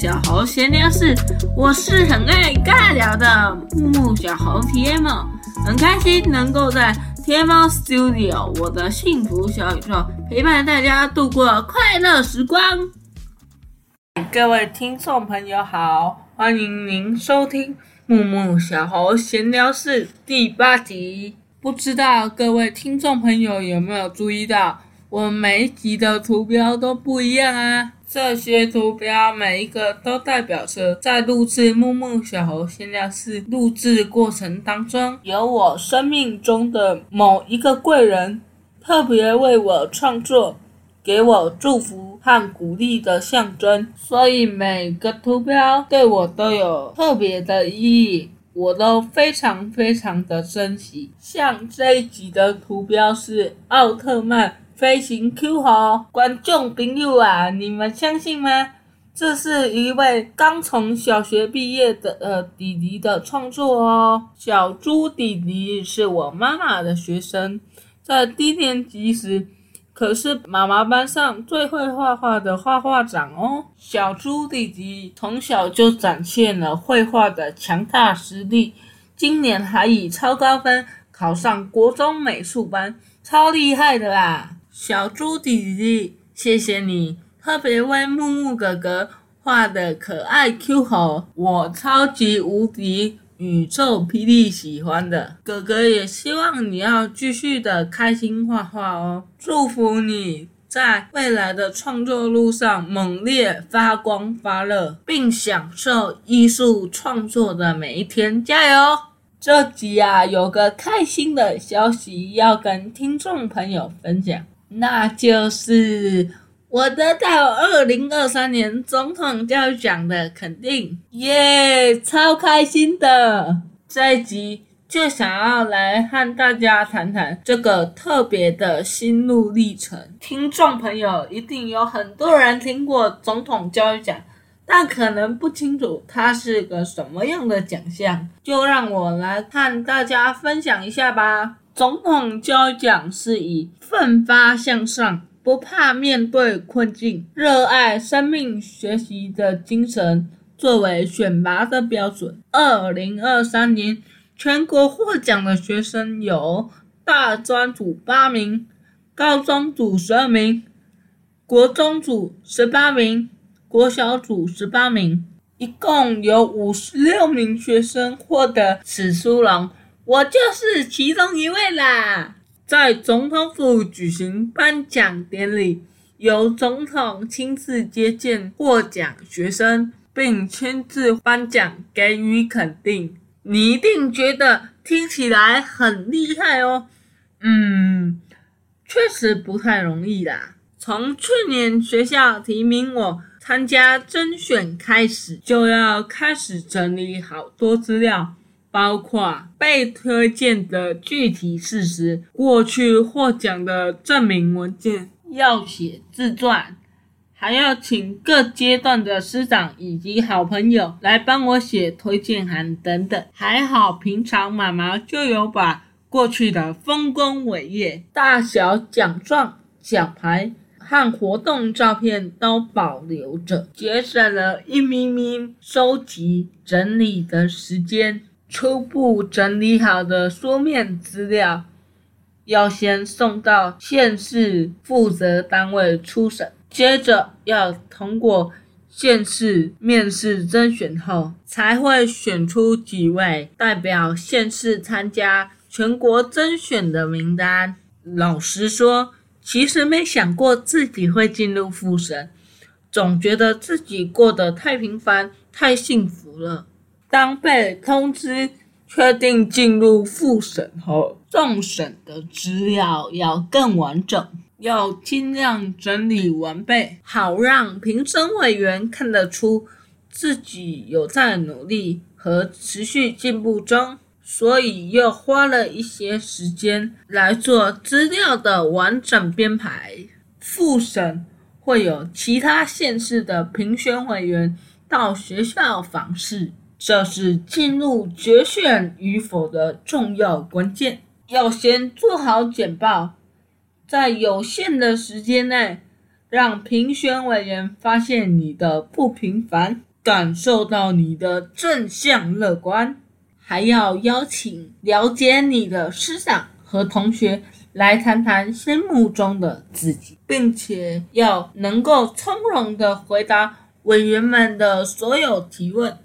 小猴閒聊室，我是很愛尬聊的沐沐小猴 T M，很開心能夠在天貓 Studio 我的幸福小宇宙陪伴大家度過快樂時光。各位聽眾朋友好，歡迎您收聽沐沐小猴閒聊室第八集。不知道各位聽眾朋友有沒有注意到，我每一集的圖標都不一樣啊。這些圖標每一個都代表着在錄製《沐沐小猴閒聊室》錄製過程當中，有我生命中的某一個貴人，特別為我創作，給我祝福和鼓勵的象徵。所以每個圖標對我都有特別的意義，我都非常非常的珍惜。像這一集的圖標是奧特曼，飛行 Q 猴。觀眾朋友啊，你們相信嗎？這是一位剛從小學畢業的呃弟弟的創作哦。小豬弟弟是我媽媽的學生，在低年級時可是媽媽班上最會畫畫的畫畫長哦。小豬弟弟從小就展現了繪畫的強大實力，今年還以超高分考上國中美術班，超厲害的啦！小豬弟弟，謝謝你，特別為沐沐哥哥畫的可愛 Q 猴，我超級無敵宇宙霹靂喜歡的。哥哥也希望你要繼續的開心畫畫哦！祝福你在未來的創作路上猛烈發光發熱，並享受藝術創作的每一天，加油！這集啊，有個開心的消息要跟聽眾朋友分享。那就是我得到二零二三年總統教育獎的肯定，耶，超開心的！這一集就想要來和大家談談這個特別的心路歷程。聽眾朋友一定有很多人聽過總統教育獎，但可能不清楚它是個什麼樣的獎項，就讓我來和大家分享一下吧。總統教育獎是以奮發向上、不怕面對困境、熱愛生命、學習的精神作為選拔的標準。二零二三年全國獲獎的學生有大專組八名，高中組十二名，國中組十八名，國小組十八名，一共有五十六名學生獲得此殊榮。我就是其中一位啦，在總統府舉行頒獎典禮，由總統親自接見獲獎學生，並親自頒獎，給予肯定。你一定覺得聽起來很厲害哦。嗯，確實不太容易啦。從去年學校提名我參加甄選開始，就要開始整理好多資料。包括被推薦的具體事實、過去獲獎的證明文件，要寫自傳，還要請各階段的師長以及好朋友來幫我寫推薦函等等。還好，平常媽媽就有把過去的豐功偉業、大小獎狀、獎牌和活動照片都保留着，節省了一咪咪收集整理的時間。初步整理好的書面資料，要先送到縣市負責單位初審，接着要通過縣市面試甄選後，才會選出幾位代表縣市參加全國甄選的名單。老實說，其實沒想過自己會進入複審，總覺得自己過得太平凡、太幸福了。當被通知確定進入複審後，重審的資料要更完整，要儘量整理完備，好讓評審委員看得出自己有在努力和持續進步中。所以又花了一些時間來做資料的完整編排。複審會有其他縣市的評選委員到學校訪視。這是進入決選與否的重要關鍵。要先做好簡報，在有限的時間內，讓評選委員發現你的不平凡，感受到你的正向樂觀。還要邀請了解你的師長和同學來談談心目中的自己，並且要能夠從容的回答委員們的所有提問。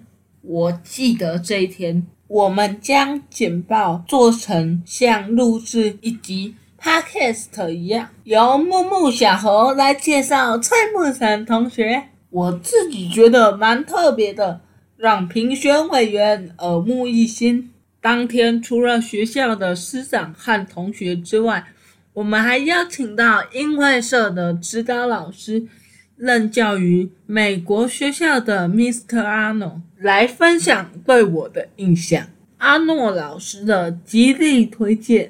我記得這一天，我們將簡報做成像錄製一集 podcast 一樣，由沐沐小猴來介紹蔡沐辰同學。我自己覺得蠻特別的，讓評選委員耳目一新。當天除了學校的師長和同學之外，我們還邀請到音樂社的指導老師。任教於美國學校的 Mr. Arnold 來分享對我的印象，阿諾老師的極力推薦，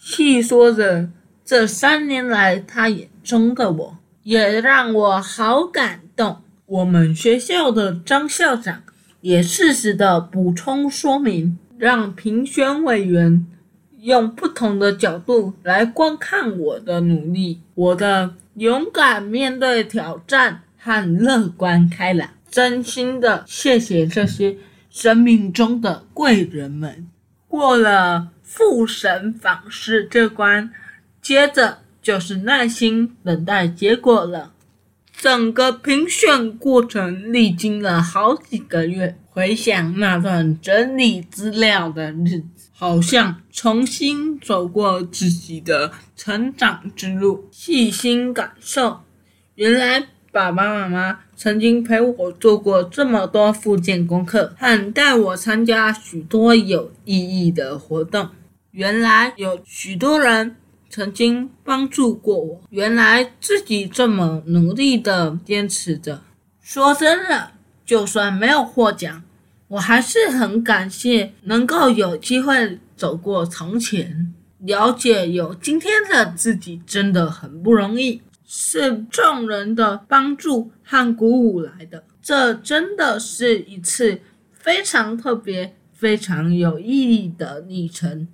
細說着這三年來他眼中的我，也讓我好感動。我們學校的張校長也適時的補充說明，讓評選委員用不同的角度來觀看我的努力，我的。勇敢面對挑戰，很樂觀開朗，真心的謝謝這些生命中的貴人們。過了複審訪視這關，接着就是耐心等待結果了。整個評選過程歷經了好幾個月，回想那段整理資料的日子。好像重新走過自己的成長之路，細心感受。原來爸爸媽媽曾經陪我做過這麼多復健功課，還帶我參加許多有意義的活動。原來有許多人曾經幫助過我。原來自己這麼努力地堅持着。說真的，就算沒有獲獎。我還是很感謝能夠有機會走過從前，了解有今天的自己，真的很不容易，是眾人的幫助和鼓舞來的。這真的是一次非常特別、非常有意義的旅程。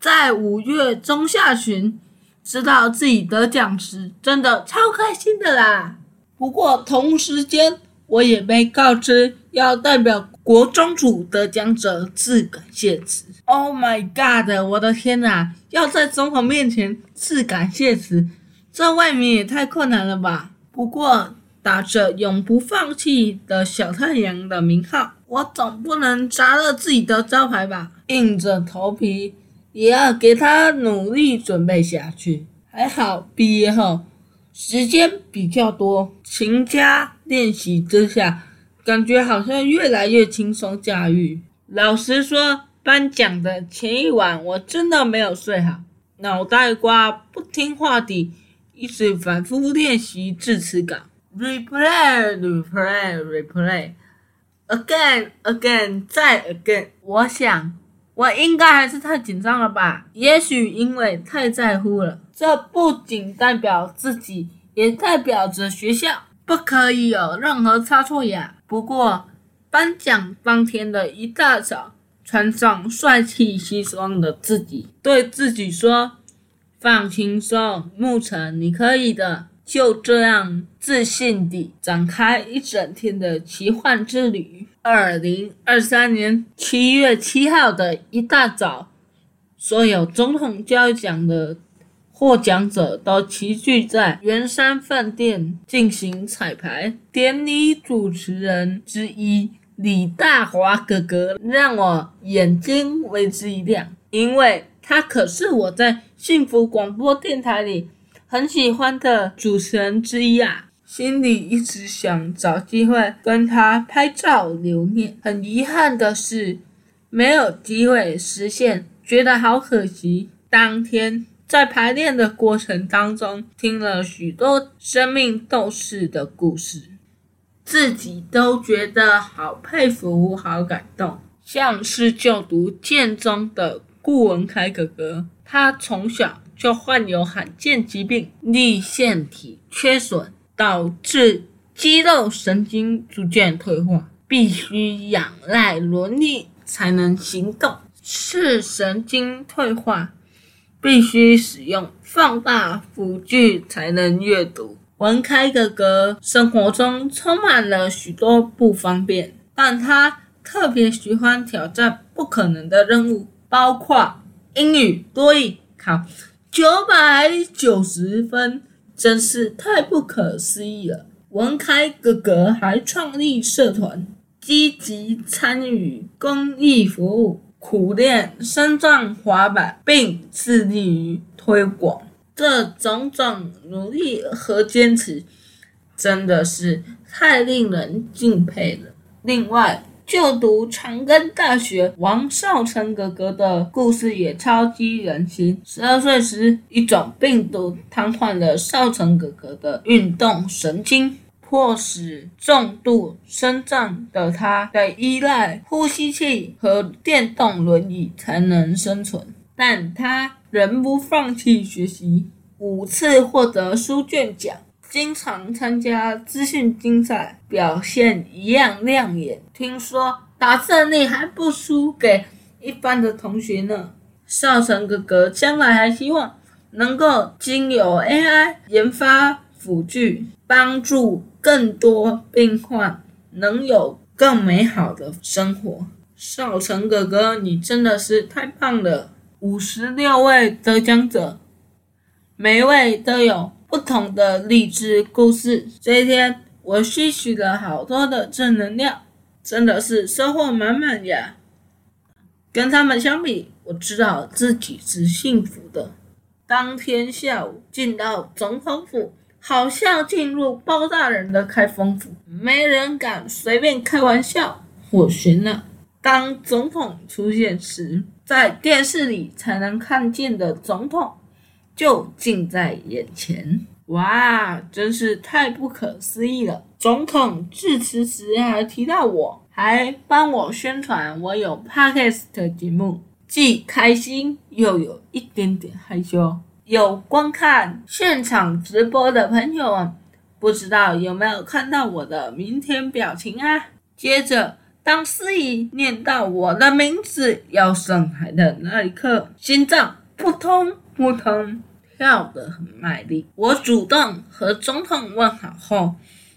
在五月中下旬知道自己得獎時，真的超開心的啦！不過同時間，我也被告知要代表。國中組得獎者致感謝詞。Oh my god！我的天哪，要在總統面前致感謝詞，這未免也太困難了吧？不過，打着永不放棄的小太陽的名號，我總不能砸了自己的招牌吧？硬着頭皮也要給他努力準備下去。還好畢業後時間比較多，勤加練習之下。感覺好像越來越輕鬆駕馭。老實說，頒獎的前一晚，我真的沒有睡好，腦袋瓜不聽話的，一直反覆練習致詞稿。Replay, replay, replay, replay, again, again, 再 again。我想，我應該還是太緊張了吧？也許因為太在乎了。這不僅代表自己，也代表着學校。不可以有任何差錯呀！不過，頒獎當天的一大早，穿上帥氣西裝的自己對自己說：“放輕鬆，沐沐，你可以的。”就這樣自信地展開一整天的奇幻之旅。二零二三年七月七號的一大早，所有總統教育獎的獲獎者都齊聚在圓山飯店進行彩排。典禮主持人之一李大華哥哥讓我眼睛為之一亮，因為他可是我在幸福廣播電台裡很喜歡的主持人之一啊！心裡一直想找機會跟他拍照留念，很遺憾的是沒有機會實現，覺得好可惜。當天。在排練的過程當中，聽了許多生命鬥士的故事，自己都覺得好佩服，好感動。像是就讀建中的顧文凱哥哥，他從小就患有罕見疾病——粒線體缺損，導致肌肉神經逐漸退化，必須仰賴輪椅才能行動，視神經退化。必須使用放大輔具才能閱讀。文開哥哥生活中充滿了許多不方便，但他特別喜歡挑戰不可能的任務，包括英語多益考九百九十分，真是太不可思議了。文開哥哥還創立社團，積極參與公益服務。苦練身障滑板，並致力於推廣。這種種努力和堅持，真的是太令人敬佩了。另外，就讀長庚大學王少成哥哥的故事也超級人心。十二歲時，一種病毒癱瘓了少成哥哥的運動神經。迫使重度身障的他得依賴呼吸器和電動輪椅才能生存，但他仍不放棄學習，五次獲得書卷獎，經常參加資訊競賽，表現一樣亮眼。聽說打字力還不輸給一般的同學呢？少辰哥哥將來還希望能夠經由 AI 研發。輔具，幫助更多病患，能有更美好的生活。少成哥哥，你真的是太棒了！五十六位得獎者，每一位都有不同的勵志故事。這一天，我吸取了好多的正能量，真的是收穫滿滿呀！跟他們相比，我知道自己是幸福的。當天下午，進到總統府。好像進入包大人的開封府，沒人敢隨便開玩笑。我尋了。當總統出現時，在電視裡才能看見的總統，就近在眼前。哇，真是太不可思議了！總統致辭時還提到我，還幫我宣傳我有 podcast 的節目，既開心又有一點點害羞。有觀看現場直播的朋友們，不知道有沒有看到我的明天表情啊？接着，當司儀念到我的名字要上台的那一刻，心臟撲通撲通跳得很賣力。我主動和總統問好後，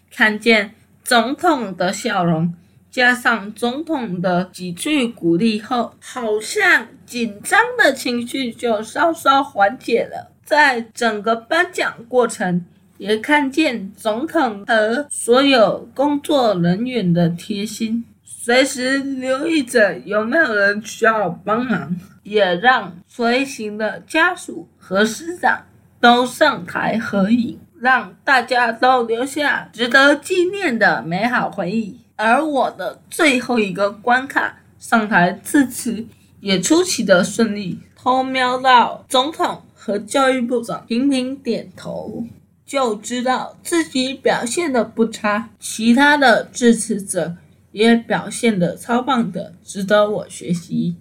看見總統的笑容。加上總統的幾句鼓勵後，好像緊張的情緒就稍稍緩解了。在整個頒獎過程，也看見總統和所有工作人員的貼心，隨時留意着有沒有人需要幫忙，也讓隨行的家屬和師長都上台合影，讓大家都留下值得紀念的美好回憶。而我的最後一個關卡，上台致辭也出奇的順利，偷瞄到總統和教育部長頻頻點頭，就知道自己表現的不差。其他的致辭者也表現的超棒的，值得我學習。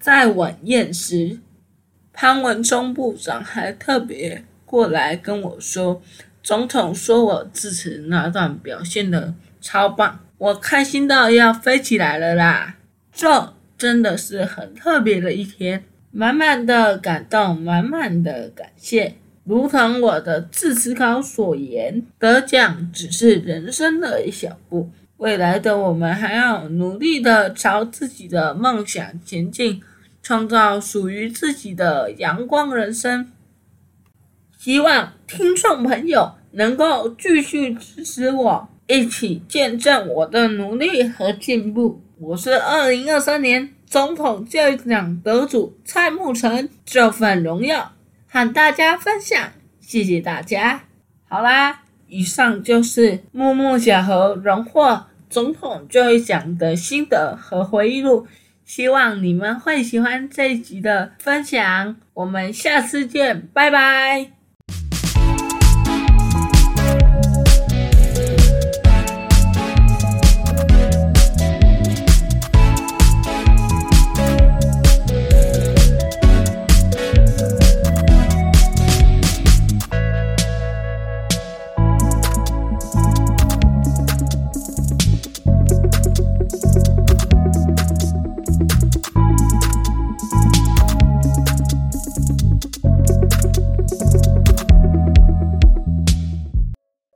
在晚宴時，潘文忠部長還特別過來跟我說，總統說我致辭那段表現的超棒。我開心到要飛起來了啦！這真的是很特別的一天，滿滿的感動，滿滿的感謝。如同我的自思考所言，得獎只是人生的一小步，未來的我們還要努力的朝自己的夢想前進，創造屬於自己的陽光人生。希望聽眾朋友能夠繼續支持我。一起見證我的努力和進步。我是二零二三年總統教育獎得主蔡慕辰，這份榮耀和大家分享，謝謝大家。好啦，以上就是沐沐小猴榮獲總統教育獎的心得和回憶錄，希望你們會喜歡這一集的分享。我們下次見，拜拜。